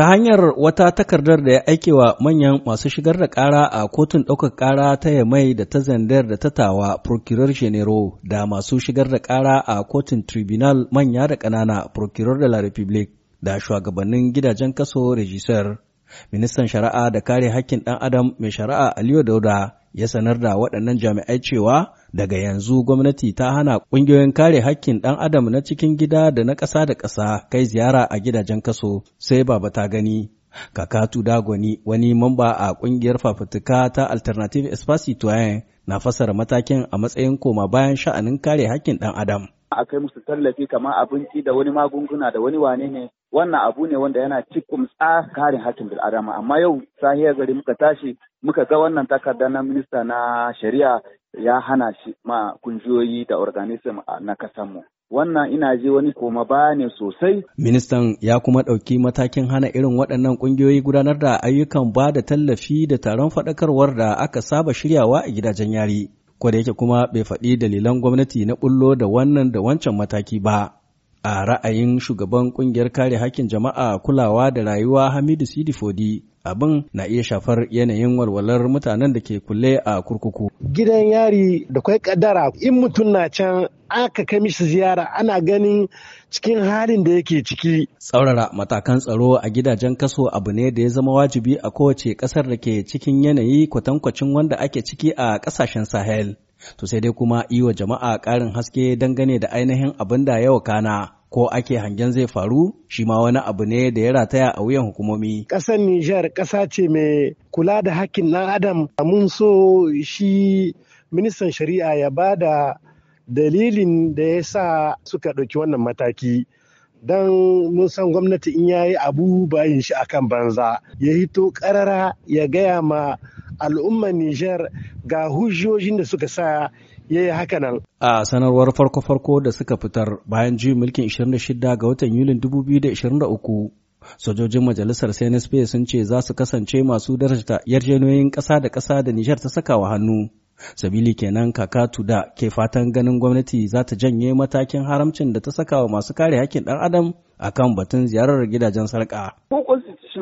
ta hanyar wata takardar da ya aike wa manyan masu shigar da ƙara a kotun ɗaukar ƙara ta yamai da ta zandar da ta Tawa procureur genero da masu shigar da kara a kotun tribunal manya da ƙanana procureur de la republique da shugabannin gidajen kaso rejisar ministan shari'a da kare hakkin ɗan adam mai shari'a aliyu dauda ya sanar da waɗannan jami'ai cewa daga yanzu gwamnati ta hana ƙungiyoyin kare hakkin ɗan adam na cikin gida da na ƙasa da ƙasa kai ziyara a gidajen kaso sai baba ta gani. Kakatu Dagoni wani mamba a ƙungiyar fafutuka ta Alternative Espacito na fasara matakin a matsayin koma bayan sha'anin kare hakkin ɗan adam. a kai musu tallafi kamar abinci da wani magunguna da wani wane ne wannan abu ne wanda yana cikin tsarin hakkin bil'adama amma yau sahiyar gari muka tashi muka ga wannan takarda na minista na shari'a ya hana shi ma kungiyoyi da organism na mu. Wannan ina je wani koma ba ne sosai. Ministan ya kuma ɗauki matakin hana irin waɗannan ƙungiyoyi gudanar da ayyukan ba da tallafi da taron faɗakarwar da aka saba shiryawa a gidajen yari. Ko yake kuma bai faɗi dalilan gwamnati na ɓullo da wannan da wancan mataki ba. A ra'ayin shugaban kungiyar kare hakkin jama'a kulawa da rayuwa Hamidu Sidi Fodi abin na iya shafar yanayin walwalar mutanen da ke kulle a kurkuku. Gidan yari da kwai kadara in mutum na can aka kai mishi ziyara ana ganin cikin halin da yake ciki. Tsaurara matakan tsaro a gidajen kaso abu ne da ya zama wajibi a kowace ƙasar da ke cikin yanayi kwatankwacin wanda ake ciki a ƙasashen Sahel. To sai dai kuma yi wa jama'a ƙarin haske dangane da ainihin abin da yau kana ko ake hangen zai faru shi ma wani abu ne da ya rataya a wuyan hukumomi. Ƙasar Nijar ƙasa ce mai kula da hakkin ɗan adam mun so shi ministan shari'a ya ba da dalilin da ya sa suka ɗauki wannan mataki. don mun san gwamnati in yayi abu bayin shi akan banza ya hito ƙarara ya gaya ma al'ummar Nijar ga hujjojin da suka sa ya yi haka nan. A sanarwar farko-farko da suka fitar bayan juyin mulkin 26 ga watan Yulin 2023, sojojin majalisar CNSP sun ce za su kasance masu darajta yarjejeniyoyin ƙasa da ƙasa da Nijar ta saka wa hannu. Sabili kenan kaka tuda ke fatan ganin gwamnati za ta janye matakin haramcin da ta saka wa masu kare hakkin ɗan adam akan batun ziyarar gidajen sarƙa. Ko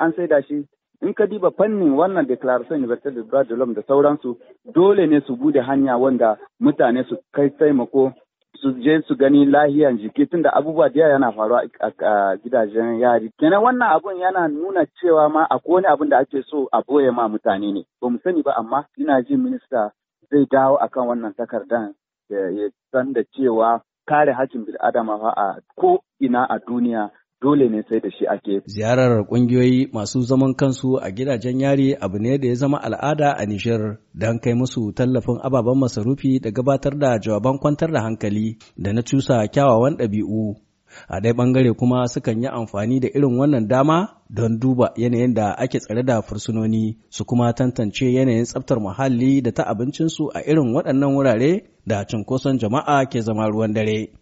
an sai shi in ka diba fannin wannan declaration universal de droit de l'homme da sauransu dole ne su bude hanya wanda mutane su kai taimako su je su gani lahiyan jiki tunda abubuwa da yana faruwa a gidajen yari kenan wannan abun yana nuna cewa ma akwai wani abun da ake so a boye ma mutane ne ba mu sani ba amma ina jin minista zai dawo akan wannan takardan ya san da cewa kare hakkin bil'adama fa a ko ina a duniya dole ne sai da shi ake. Ziyarar kungiyoyi masu zaman kansu a gidajen yari abu ne da ya zama al'ada a Nishir don kai musu tallafin ababen masarufi da gabatar da jawaban kwantar da hankali da na cusa kyawawan ɗabi'u. A dai ɓangare kuma sukan yi amfani da irin wannan dama don duba yanayin da ake tsare da fursunoni su kuma tantance yanayin tsaftar muhalli da ta abincinsu a irin waɗannan wurare da cunkoson jama'a ke zama ruwan dare.